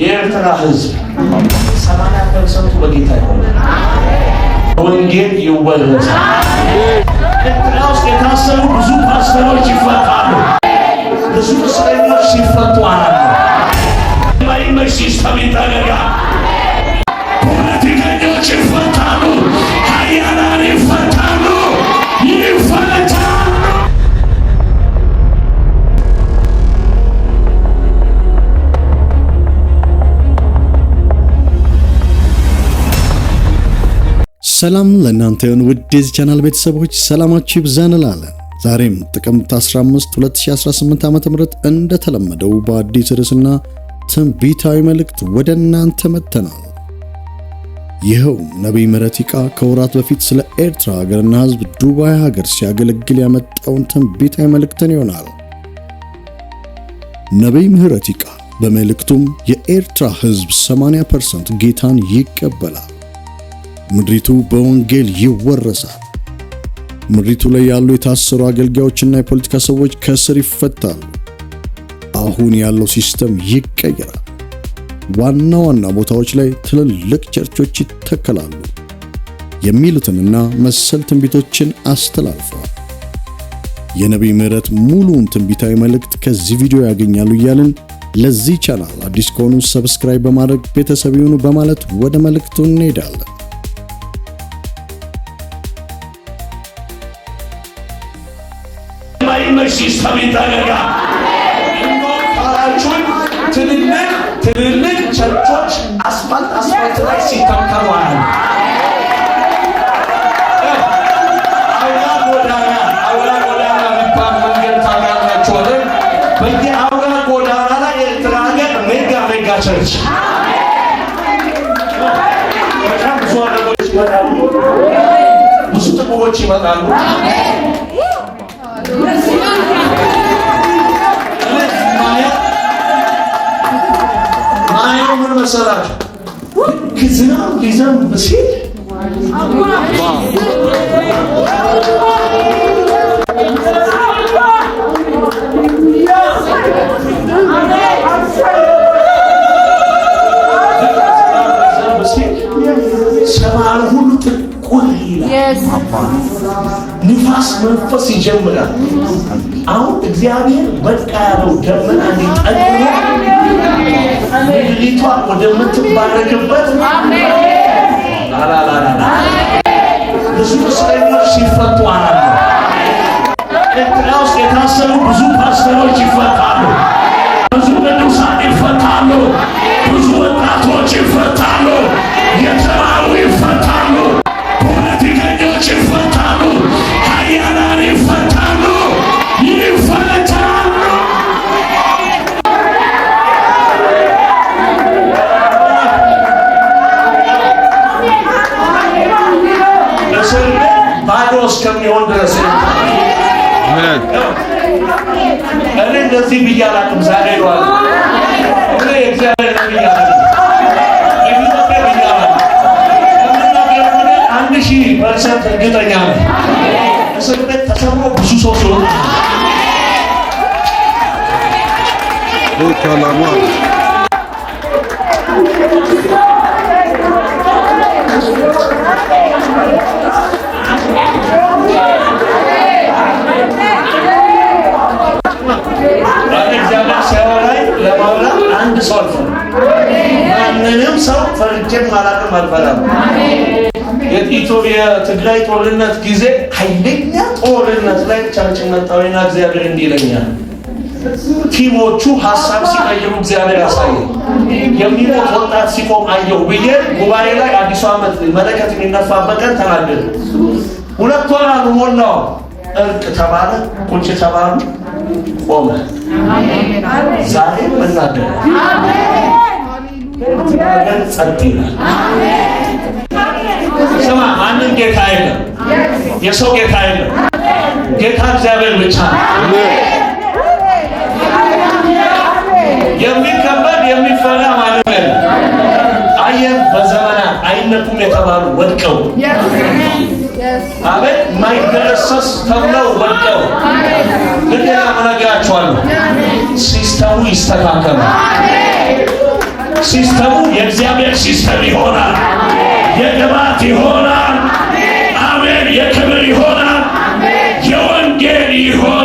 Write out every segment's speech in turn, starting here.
የኤርትራ ህዝብ ሰማንያ ፐርሰንቱ በጌታ ይሆናል። ወንጌል ይወረሳል። ኤርትራ ውስጥ የታሰሩ ብዙ ፓስተሮች ይፈታሉ። ብዙ እስረኞች ሲፈቱ አላለ ማይመሽ ሲስተም ይጠረጋል። ሰላም ለእናንተ ይሁን ውድ የዚህ ቻናል ቤተሰቦች ሰላማችሁ ይብዛን እላለን። ዛሬም ጥቅምት 15 2018 ዓ.ም እንደተለመደው በአዲስ ርዕስና ትንቢታዊ መልእክት ወደ እናንተ መጥተናል። ይኸው ነቢይ ምህረት ይቃ ከወራት በፊት ስለ ኤርትራ ሀገርና ሕዝብ ዱባይ ሀገር ሲያገለግል ያመጣውን ትንቢታዊ መልእክትን ይሆናል። ነቢይ ምህረት ይቃ በመልእክቱም የኤርትራ ሕዝብ 80% ጌታን ይቀበላል ምድሪቱ በወንጌል ይወረሳል። ምድሪቱ ላይ ያሉ የታሰሩ አገልጋዮችና የፖለቲካ ሰዎች ከስር ይፈታሉ። አሁን ያለው ሲስተም ይቀየራል። ዋና ዋና ቦታዎች ላይ ትልልቅ ቸርቾች ይተከላሉ የሚሉትንና መሰል ትንቢቶችን አስተላልፈዋል። የነቢይ ምህረት ሙሉውን ትንቢታዊ መልእክት ከዚህ ቪዲዮ ያገኛሉ እያልን ለዚህ ቻናል አዲስ ከሆኑ ሰብስክራይብ በማድረግ ቤተሰብ ይሁኑ በማለት ወደ መልእክቱ እንሄዳለን። Você Você com o te mandado. Amém. ምን መሰላችሁ? ዝናብ ሊዘንብ ሲል Wow. ንፋስ መንፈስ ይጀምራል። አሁን እግዚአብሔር በቃ ያለው ደመና እንዲጠግሩ ምድሪቷ ወደምትባረክበት ብዙ እስረኞች ሲፈቱ አላለ። ውስጥ የታሰሩ ብዙ ፓስተሮች ይፈታሉ። ብዙ ቅዱሳን ይፈታሉ። ብዙ ወጣቶች ይፈታሉ። የተራሩ ይፈ ሰዎች ይፈታሉ፣ ኃያላን ይፈታሉ፣ ይፈታሉ። እስር ቤት ባዶ እስከሚሆን ድረስ እኔ እንደዚህ ብዬ ዛሬ ይሏል እኔ እግዚአብሔር ብዬ mtaalamu wako. ለማውራት አንድ ሰው አልፈ ማንንም ሰው ፈርቼም አላቅም አልፈራም። የኢትዮጵያ ትግራይ ጦርነት ጊዜ ኃይለኛ ጦርነት ላይ ቸርች መጣሁና እግዚአብሔር እንዲህ ቲሞቹ ሀሳብ ሲቀይሩ እግዚአብሔር ያሳየ የሚሞት ወጣት ሲቆም አየሁ ብዬ ጉባኤ ላይ አዲሱ ዓመት መለከት የሚነፋበት ቀን ተናገር። ሁለት ወር ሞላው እርቅ ተባለ፣ ቁጭ ተባሉ፣ ቆመ። ዛሬ መናገር ጸጥ ይላል። ስማ፣ ማንም ጌታ የለም፣ የሰው ጌታ የለም። ጌታ እግዚአብሔር ብቻ ነው። የሚፈራ ማንም ያለ አየር በዘመናት አይነቱም የተባሉ ወድቀው አሜን ማይደረሰስ ተብለው ወድቀው እንደገና እነግራቸዋለሁ ሲስተሙ ይስተካከላል። ሲስተሙ የእግዚአብሔር ሲስተም ይሆናል። የቅባት ይሆናል። አሜን የክብር ይሆናል። የወንጌል ይሆናል።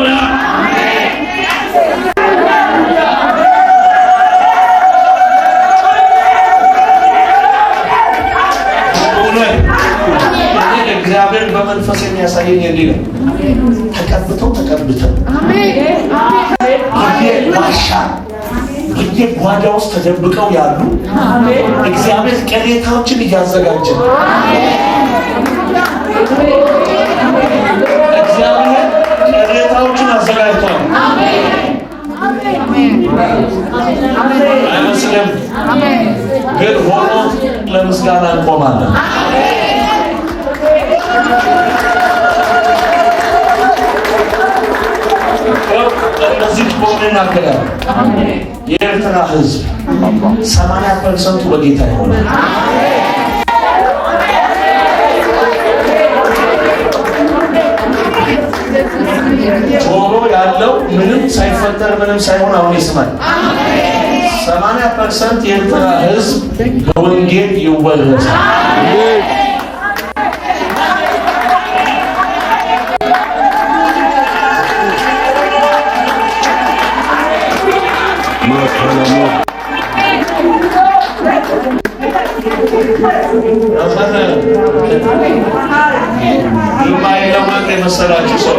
መንፈስ የሚያሳየን የሚል ነው። ተቀብተው ተቀብተው ዋሻ ጊዜ ጓዳ ውስጥ ተደብቀው ያሉ እግዚአብሔር ቅሬታዎችን እያዘጋጀ እግዚአብሔር ቅሬታዎችን አዘጋጅቷል። አይመስልም? ግን ሆኖ ለምስጋና እንቆማለን። የኤርትራ ህዝብ ሰማንያ ፐርሰንቱ በጌታ ይሆናል። ጆሮ ያለው ምንም ሳይፈጠር ምንም ሳይሆን አሁን ይስማል። ሰማንያ ፐርሰንት የኤርትራ ህዝብ በወንጌል ይወረሳል። የማይለወጥ የመሰላችሁ ሰው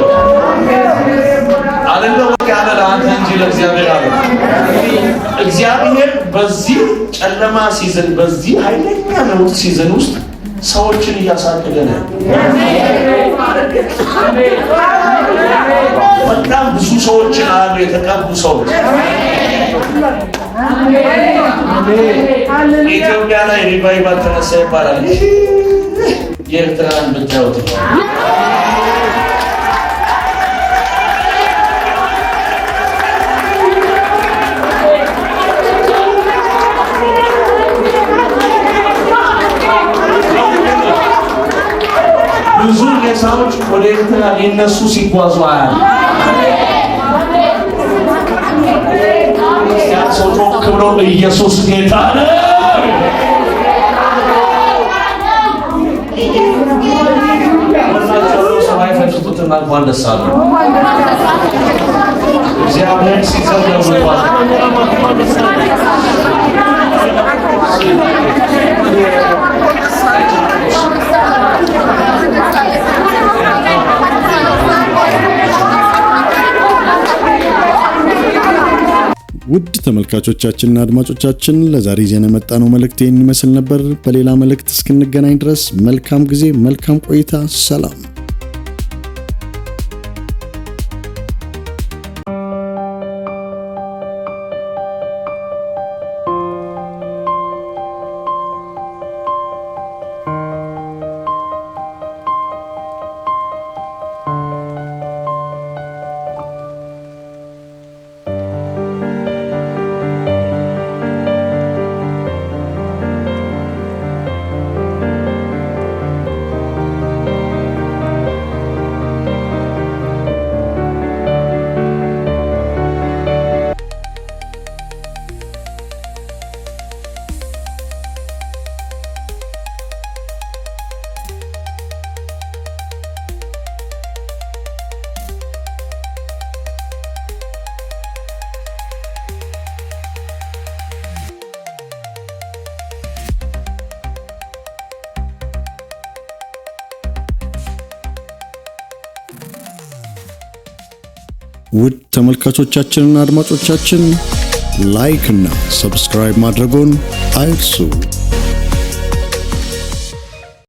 አልለወጥ ያለ ለአንተ እንጂ አለ። እግዚአብሔር በዚህ ጨለማ ሲዝን፣ በዚህ ኃይለኛ ለውጥ ሲዝን ውስጥ ሰዎችን እያሳደገ በጣም ብዙ ሰዎችን አሉ የተቀቡ ሰዎች ኢትዮጵያ ላይ ሪቫይቫል ተነሳ ይባላል። የኤርትራን ብታዩት ሰዎች ወደ ኤርትራ ሊነሱ ሲጓዙ አያል ክርስቲያን ሰው ጮክ ብሎ ኢየሱስ ጌታ ነው። ሰማይ ፈጭቱትና እንኳን ደስ አለ እግዚአብሔር ሲዘምር እንኳን ውድ ተመልካቾቻችንና አድማጮቻችን ለዛሬ ዜና መጣ ነው መልእክት ይህን ይመስል ነበር። በሌላ መልእክት እስክንገናኝ ድረስ መልካም ጊዜ፣ መልካም ቆይታ። ሰላም ውድ ተመልካቾቻችንና አድማጮቻችን ላይክ እና ሰብስክራይብ ማድረጎን አይርሱ።